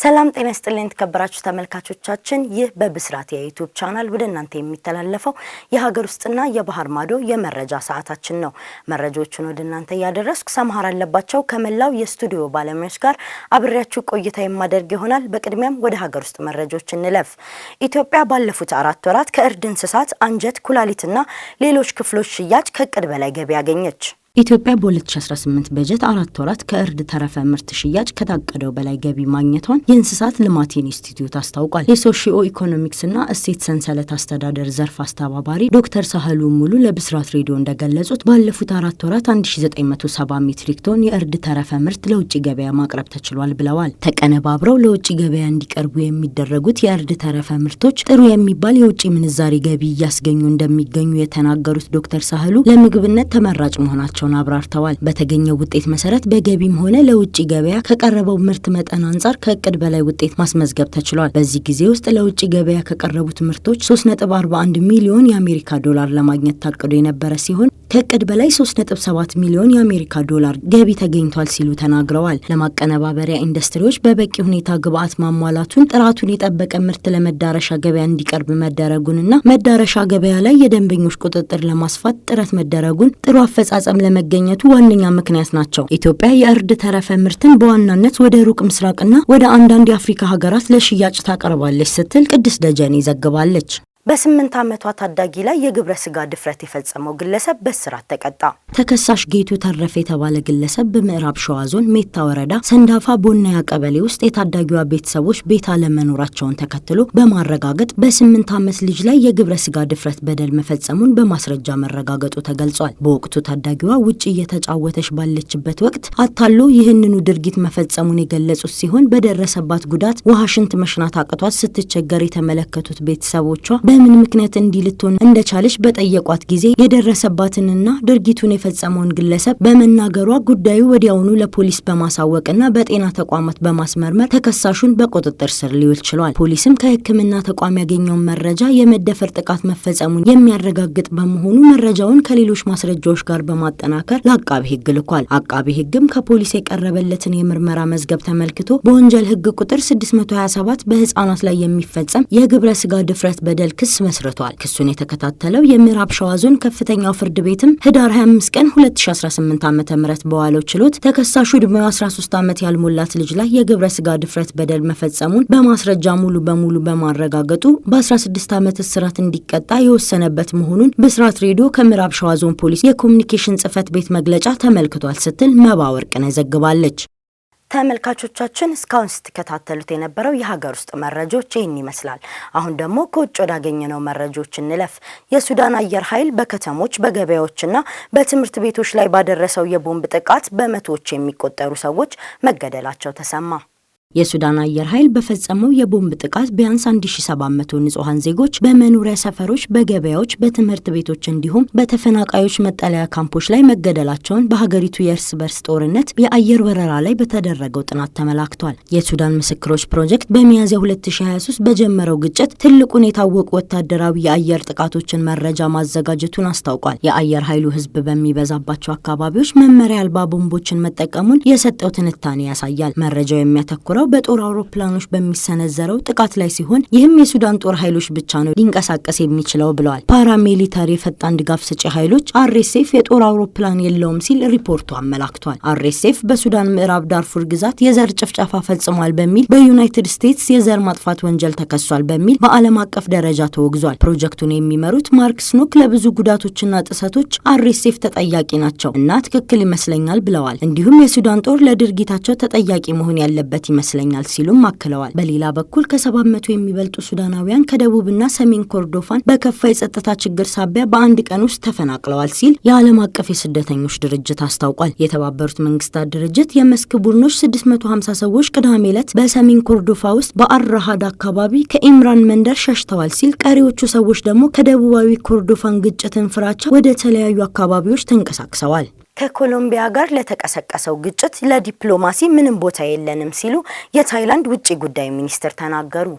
ሰላም ጤና ስጥልኝ የተከበራችሁ ተመልካቾቻችን፣ ይህ በብስራት የዩቲዩብ ቻናል ወደ እናንተ የሚተላለፈው የሀገር ውስጥና የባህር ማዶ የመረጃ ሰዓታችን ነው። መረጃዎቹን ወደ እናንተ እያደረስኩ ሰምሃር አለባቸው ከመላው የስቱዲዮ ባለሙያዎች ጋር አብሬያችሁ ቆይታ የማደርግ ይሆናል። በቅድሚያም ወደ ሀገር ውስጥ መረጃዎች እንለፍ። ኢትዮጵያ ባለፉት አራት ወራት ከእርድ እንስሳት አንጀት፣ ኩላሊትና ሌሎች ክፍሎች ሽያጭ ከእቅድ በላይ ገቢ አገኘች። ኢትዮጵያ በ2018 በጀት አራት ወራት ከእርድ ተረፈ ምርት ሽያጭ ከታቀደው በላይ ገቢ ማግኘቷን የእንስሳት ልማት ኢንስቲትዩት አስታውቋል። የሶሺዮ ኢኮኖሚክስና እሴት ሰንሰለት አስተዳደር ዘርፍ አስተባባሪ ዶክተር ሳህሉ ሙሉ ለብስራት ሬዲዮ እንደገለጹት ባለፉት አራት ወራት 1970 ሜትሪክ ቶን የእርድ ተረፈ ምርት ለውጭ ገበያ ማቅረብ ተችሏል ብለዋል። ተቀነባብረው ለውጭ ገበያ እንዲቀርቡ የሚደረጉት የእርድ ተረፈ ምርቶች ጥሩ የሚባል የውጭ ምንዛሬ ገቢ እያስገኙ እንደሚገኙ የተናገሩት ዶክተር ሳህሉ ለምግብነት ተመራጭ መሆናቸው መሆናቸውን አብራርተዋል። በተገኘው ውጤት መሰረት በገቢም ሆነ ለውጭ ገበያ ከቀረበው ምርት መጠን አንጻር ከእቅድ በላይ ውጤት ማስመዝገብ ተችሏል። በዚህ ጊዜ ውስጥ ለውጭ ገበያ ከቀረቡት ምርቶች 3.41 ሚሊዮን የአሜሪካ ዶላር ለማግኘት ታቅዶ የነበረ ሲሆን ከእቅድ በላይ 3.7 ሚሊዮን የአሜሪካ ዶላር ገቢ ተገኝቷል ሲሉ ተናግረዋል። ለማቀነባበሪያ ኢንዱስትሪዎች በበቂ ሁኔታ ግብአት ማሟላቱን፣ ጥራቱን የጠበቀ ምርት ለመዳረሻ ገበያ እንዲቀርብ መደረጉንና መዳረሻ ገበያ ላይ የደንበኞች ቁጥጥር ለማስፋት ጥረት መደረጉን ጥሩ አፈጻጸም አለመገኘቱ ዋነኛ ምክንያት ናቸው። ኢትዮጵያ የእርድ ተረፈ ምርትን በዋናነት ወደ ሩቅ ምስራቅና ወደ አንዳንድ የአፍሪካ ሀገራት ለሽያጭ ታቀርባለች ስትል ቅድስ ደጀኔ ዘግባለች። በስምንት ዓመቷ ታዳጊ ላይ የግብረ ስጋ ድፍረት የፈጸመው ግለሰብ በእስራት ተቀጣ። ተከሳሽ ጌቱ ተረፈ የተባለ ግለሰብ በምዕራብ ሸዋ ዞን ሜታ ወረዳ ሰንዳፋ ቦናያ ቀበሌ ውስጥ የታዳጊዋ ቤተሰቦች ቤት አለመኖራቸውን ተከትሎ በማረጋገጥ በስምንት ዓመት ልጅ ላይ የግብረ ስጋ ድፍረት በደል መፈጸሙን በማስረጃ መረጋገጡ ተገልጿል። በወቅቱ ታዳጊዋ ውጭ እየተጫወተች ባለችበት ወቅት አታሎ ይህንኑ ድርጊት መፈጸሙን የገለጹት ሲሆን በደረሰባት ጉዳት ውሃ ሽንት መሽናት አቅቷት ስትቸገር የተመለከቱት ቤተሰቦቿ በምን ምክንያት እንዲህ ልትሆን እንደቻለች በጠየቋት ጊዜ የደረሰባትንና ድርጊቱን የፈጸመውን ግለሰብ በመናገሯ ጉዳዩ ወዲያውኑ ለፖሊስ በማሳወቅና በጤና ተቋማት በማስመርመር ተከሳሹን በቁጥጥር ስር ሊውል ችሏል። ፖሊስም ከሕክምና ተቋም ያገኘውን መረጃ የመደፈር ጥቃት መፈጸሙን የሚያረጋግጥ በመሆኑ መረጃውን ከሌሎች ማስረጃዎች ጋር በማጠናከር ለአቃቢ ሕግ ልኳል። አቃቢ ሕግም ከፖሊስ የቀረበለትን የምርመራ መዝገብ ተመልክቶ በወንጀል ሕግ ቁጥር 627 በህፃናት ላይ የሚፈጸም የግብረ ስጋ ድፍረት በደል ክስ ክስ መስርቷል። ክሱን የተከታተለው የምዕራብ ሸዋ ዞን ከፍተኛው ፍርድ ቤትም ህዳር 25 ቀን 2018 ዓ ም በዋለው ችሎት ተከሳሹ ዕድሜዋ 13 ዓመት ያልሞላት ልጅ ላይ የግብረ ስጋ ድፍረት በደል መፈጸሙን በማስረጃ ሙሉ በሙሉ በማረጋገጡ በ16 ዓመት እስራት እንዲቀጣ የወሰነበት መሆኑን ብስራት ሬዲዮ ከምዕራብ ሸዋ ዞን ፖሊስ የኮሚኒኬሽን ጽህፈት ቤት መግለጫ ተመልክቷል ስትል መባወርቅነ ዘግባለች። ተመልካቾቻችን እስካሁን ስትከታተሉት የነበረው የሀገር ውስጥ መረጃዎች ይህን ይመስላል። አሁን ደግሞ ከውጭ ወዳገኘነው መረጃዎች እንለፍ። የሱዳን አየር ኃይል በከተሞች በገበያዎችና በትምህርት ቤቶች ላይ ባደረሰው የቦምብ ጥቃት በመቶዎች የሚቆጠሩ ሰዎች መገደላቸው ተሰማ። የሱዳን አየር ኃይል በፈጸመው የቦምብ ጥቃት ቢያንስ 1700 ንጹሐን ዜጎች በመኖሪያ ሰፈሮች፣ በገበያዎች፣ በትምህርት ቤቶች እንዲሁም በተፈናቃዮች መጠለያ ካምፖች ላይ መገደላቸውን በሀገሪቱ የእርስ በርስ ጦርነት የአየር ወረራ ላይ በተደረገው ጥናት ተመላክቷል። የሱዳን ምስክሮች ፕሮጀክት በሚያዝያ 2023 በጀመረው ግጭት ትልቁን የታወቁ ወታደራዊ የአየር ጥቃቶችን መረጃ ማዘጋጀቱን አስታውቋል። የአየር ኃይሉ ህዝብ በሚበዛባቸው አካባቢዎች መመሪያ አልባ ቦምቦችን መጠቀሙን የሰጠው ትንታኔ ያሳያል። መረጃው የሚያተኩረው የሚያተኩረው በጦር አውሮፕላኖች በሚሰነዘረው ጥቃት ላይ ሲሆን ይህም የሱዳን ጦር ኃይሎች ብቻ ነው ሊንቀሳቀስ የሚችለው ብለዋል። ፓራሚሊታሪ የፈጣን ድጋፍ ሰጪ ኃይሎች አርኤስኤፍ የጦር አውሮፕላን የለውም ሲል ሪፖርቱ አመላክቷል። አርኤስኤፍ በሱዳን ምዕራብ ዳርፉር ግዛት የዘር ጭፍጨፋ ፈጽሟል በሚል በዩናይትድ ስቴትስ የዘር ማጥፋት ወንጀል ተከሷል በሚል በዓለም አቀፍ ደረጃ ተወግዟል። ፕሮጀክቱን የሚመሩት ማርክ ስኖክ ለብዙ ጉዳቶችና ጥሰቶች አርኤስኤፍ ተጠያቂ ናቸው እና ትክክል ይመስለኛል ብለዋል። እንዲሁም የሱዳን ጦር ለድርጊታቸው ተጠያቂ መሆን ያለበት ይመስላል ይመስለኛል ሲሉም አክለዋል። በሌላ በኩል ከሰባት መቶ የሚበልጡ ሱዳናውያን ከደቡብና ሰሜን ኮርዶፋን በከፋ የጸጥታ ችግር ሳቢያ በአንድ ቀን ውስጥ ተፈናቅለዋል ሲል የዓለም አቀፍ የስደተኞች ድርጅት አስታውቋል። የተባበሩት መንግስታት ድርጅት የመስክ ቡድኖች 650 ሰዎች ቅዳሜ ዕለት በሰሜን ኮርዶፋ ውስጥ በአራሃድ አካባቢ ከኢምራን መንደር ሸሽተዋል ሲል ቀሪዎቹ ሰዎች ደግሞ ከደቡባዊ ኮርዶፋን ግጭትን ፍራቻ ወደ ተለያዩ አካባቢዎች ተንቀሳቅሰዋል። ከኮሎምቢያ ጋር ለተቀሰቀሰው ግጭት ለዲፕሎማሲ ምንም ቦታ የለንም ሲሉ የታይላንድ ውጭ ጉዳይ ሚኒስትር ተናገሩ።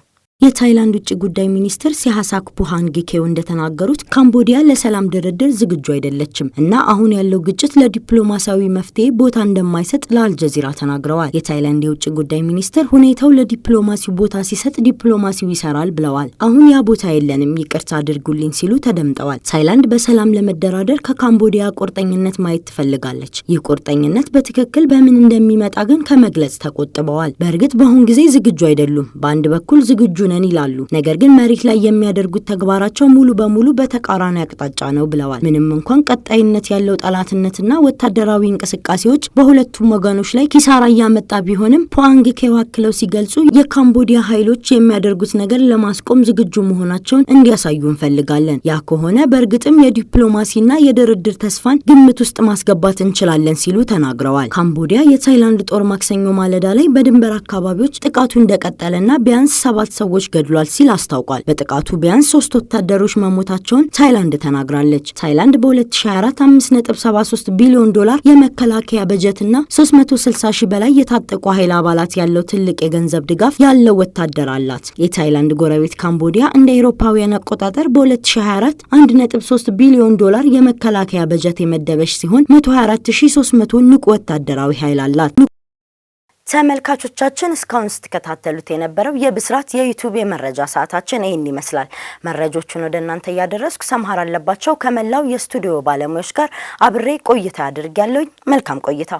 የታይላንድ ውጭ ጉዳይ ሚኒስትር ሲሐሳክ ፑሃንጊኬው እንደተናገሩት ካምቦዲያ ለሰላም ድርድር ዝግጁ አይደለችም እና አሁን ያለው ግጭት ለዲፕሎማሲያዊ መፍትሄ ቦታ እንደማይሰጥ ለአልጀዚራ ተናግረዋል። የታይላንድ የውጭ ጉዳይ ሚኒስትር ሁኔታው ለዲፕሎማሲው ቦታ ሲሰጥ ዲፕሎማሲው ይሰራል ብለዋል። አሁን ያ ቦታ የለንም፣ ይቅርታ አድርጉልኝ ሲሉ ተደምጠዋል። ታይላንድ በሰላም ለመደራደር ከካምቦዲያ ቁርጠኝነት ማየት ትፈልጋለች። ይህ ቁርጠኝነት በትክክል በምን እንደሚመጣ ግን ከመግለጽ ተቆጥበዋል። በእርግጥ በአሁን ጊዜ ዝግጁ አይደሉም። በአንድ በኩል ዝግጁ ነን ይላሉ። ነገር ግን መሬት ላይ የሚያደርጉት ተግባራቸው ሙሉ በሙሉ በተቃራኒ አቅጣጫ ነው ብለዋል። ምንም እንኳን ቀጣይነት ያለው ጠላትነትና ወታደራዊ እንቅስቃሴዎች በሁለቱም ወገኖች ላይ ኪሳራ እያመጣ ቢሆንም ፖአንግኬ ዋክለው ሲገልጹ የካምቦዲያ ኃይሎች የሚያደርጉት ነገር ለማስቆም ዝግጁ መሆናቸውን እንዲያሳዩ እንፈልጋለን። ያ ከሆነ በእርግጥም የዲፕሎማሲና የድርድር ተስፋን ግምት ውስጥ ማስገባት እንችላለን ሲሉ ተናግረዋል። ካምቦዲያ የታይላንድ ጦር ማክሰኞ ማለዳ ላይ በድንበር አካባቢዎች ጥቃቱ እንደቀጠለና ቢያንስ ሰባት ሰዎች ሰዎች ገድሏል ሲል አስታውቋል። በጥቃቱ ቢያንስ ሶስት ወታደሮች መሞታቸውን ታይላንድ ተናግራለች። ታይላንድ በ2024 5.73 ቢሊዮን ዶላር የመከላከያ በጀትና 360 ሺህ በላይ የታጠቁ ኃይል አባላት ያለው ትልቅ የገንዘብ ድጋፍ ያለው ወታደር አላት። የታይላንድ ጎረቤት ካምቦዲያ እንደ አውሮፓውያን አቆጣጠር በ2024 1.3 ቢሊዮን ዶላር የመከላከያ በጀት የመደበች ሲሆን 124300 ንቁ ወታደራዊ ኃይል አላት። ተመልካቾቻችን እስካሁን ስትከታተሉት የነበረው የብስራት የዩቱብ የመረጃ ሰዓታችን ይህን ይመስላል። መረጆቹን ወደ እናንተ እያደረስኩ ሰምሃር አለባቸው ከመላው የስቱዲዮ ባለሙያዎች ጋር አብሬ ቆይታ አድርግ ያለውኝ መልካም ቆይታ